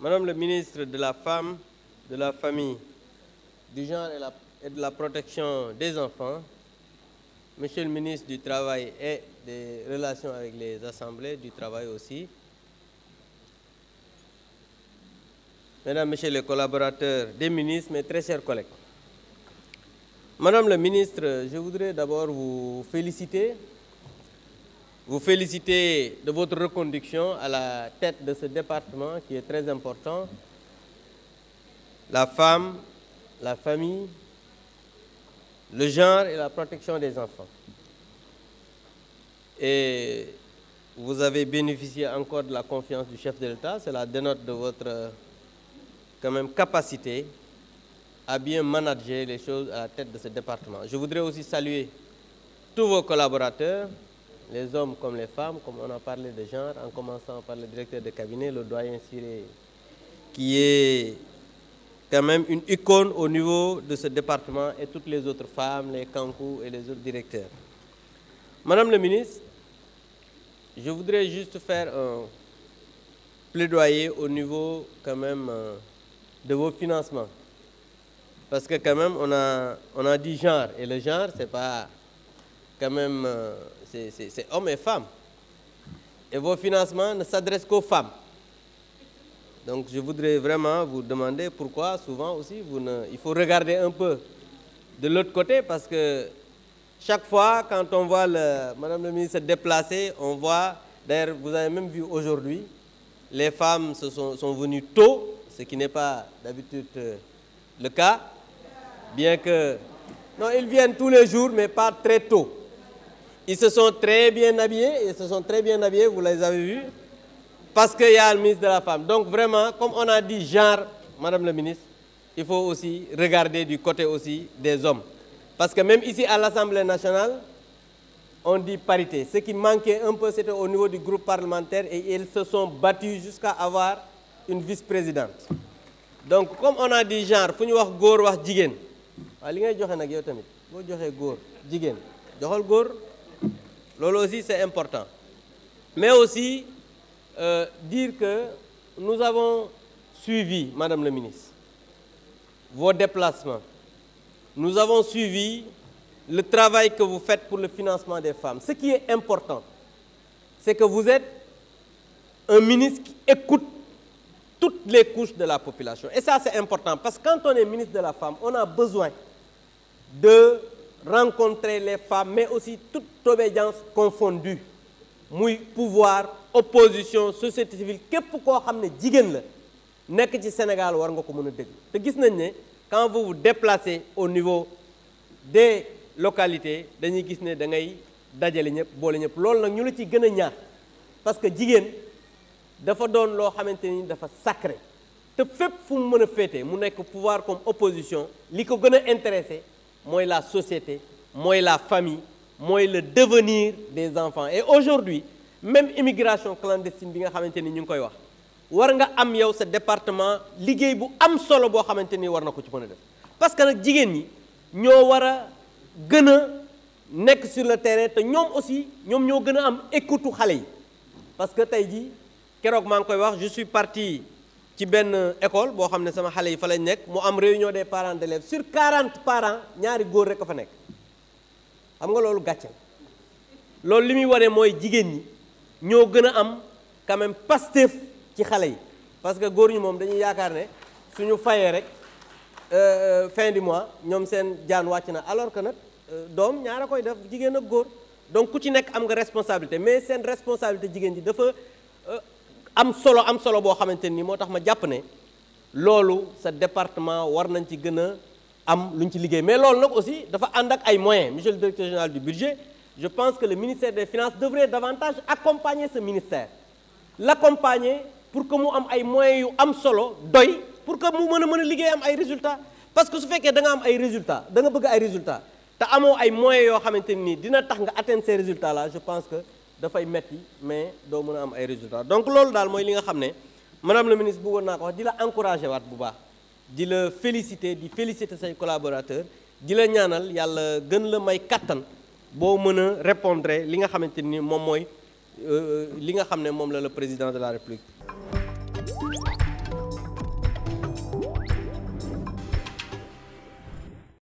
Madame le ministre de la Femme, de la Famille, du Genre et, la, et de la Protection des enfants, Monsieur le ministre du Travail et des Relations avec les assemblées du travail aussi, Mesdames, Messieurs les collaborateurs des ministres, mais très chers collègues, Madame la ministre, je voudrais d'abord vous féliciter vous féliciter de votre reconduction à la tête de ce département qui est très important. La femme, la famille, le genre et la protection des enfants. Et vous avez bénéficié encore de la confiance du chef de l'État. Cela dénote de votre même, capacité à bien manager les choses à la tête de ce département. Je voudrais aussi saluer tous vos collaborateurs, les hommes comme les femmes, comme on a parlé de genre, en commençant par le directeur de cabinet, le doyen Siré, qui est quand même une icône au niveau de ce département et toutes les autres femmes, les Kankou et les autres directeurs. Madame la ministre, je voudrais juste faire un plaidoyer au niveau quand même euh, de vos financements. Parce que quand même, on a, on a dit genre, et le genre, c'est pas quand même, euh, c'est hommes et femmes. Et vos financements ne s'adressent qu'aux femmes. Donc je voudrais vraiment vous demander pourquoi souvent aussi, vous ne... il faut regarder un peu de l'autre côté parce que chaque fois quand on voit le... Madame le ministre se déplacer, on voit, d'ailleurs vous avez même vu aujourd'hui, les femmes se sont, sont venues tôt, ce qui n'est pas d'habitude euh, le cas, bien que... Non, ils viennent tous les jours, mais pas très tôt. Ils se sont très bien habillés, ils très bien habillés, vous les avez vus, parce que ya a le ministre de la Femme. Donc vraiment, comme on a dit genre, Madame la ministre, il faut aussi regarder du côté aussi des hommes. Parce que même ici à l'Assemblée nationale, on dit parité. Ce qui manquait un peu, c'était au niveau du groupe parlementaire et ils se sont battus jusqu'à avoir une vice-présidente. Donc comme on a dit genre, fu ñu wax góor wax jigéen waaw li ngay joxe nag yo tamit boo joxee góor jigéen loolu aussi c'est important mais aussi euh, dire que nous avons suivi madame la ministre vos déplacements nous avons suivi le travail que vous faites pour le financement des femmes ce qui est important c'est que vous êtes un ministre qui écoute toutes les couches de la population et ça c'est important parce que quand on est ministre de la femme on a besoin de rencontrer les femmes mais aussi toute obédience confondue muy pouvoir opposition société civile képp koo xam ne jigéen la nekk ci Sénégal war nga ko mën a déglu te gis nañ ne quand vous vous au niveau des localité dañuy gis ne da ngay dajale ñëpp boole ñëpp loolu nag ñu la ci gën a ñaar parce que jigéen dafa doon loo xamante ni dafa sacré te fépp fu mu mën a féete mu nekk pouvoir comme opposition li ko gën a intéressé mooy la société mooy la famille mooy le devenir des enfants et aujourd'hui même immigration clandestine bi nga xamante ni ñu ngi koy wax war nga am yow sa département liggéey bu am solo boo xamante ni war na ko ci mën a def parce que nag jigéen ñi ñoo war a gën a nekk sur le terrain te ñoom aussi ñoom ñoo gën a am écoute xale yi parce que tey jii keroog maa ngi koy wax je suis parti ci benn école boo xam ne sama xale yi fa lañ nekk mu am réunion des parents d'élèves sur 40 parents ñaari góor rek a fa nekk xam nga loolu gàcce loolu li muy waree mooy jigéen ñi ñoo gën a am quand même ci xale yi parce que góor ñi moom dañuy yaakaar ne suñu fayee rek euh, fin du mois ñoom seen jaan wàcc na alors que nag euh, doom ñaara koy def jigéen ak góor donc ku ci nekk am nga responsabilité mais seen responsabilité jigéen ji dafa euh, am solo am solo boo xamante nii moo tax ma jàpp ne loolu sa département war nañ ci gën a am lu ñu ci liggéey mais loolu nag aussi dafa ànd ak ay moyens monsieur le directeur général du budget je pense que le ministère des finances devrait davantage accompagner ce ministère l'accompagner pour que mu am ay moyens yu am solo doy pour que mu mën a mën a liggéey am ay résultats parce que su fekkee danga am ay résultats danga nga bëgg ay résultats te amoo ay moyens yoo xamante nii dina tax nga atteindre ces résultats je pense que dafay metti mais doo mën a am ay résultats donc loolu daal mooy li nga xam ne madame la ministre bëggoon naa ko wax di la encouragé waat bu baax di la félicité di félicité say collaborateurs di la ñaanal yàlla gën la may kattan boo mën a répondre li nga xamante ni moom mooy euh, li nga xam ne moom la la président de la république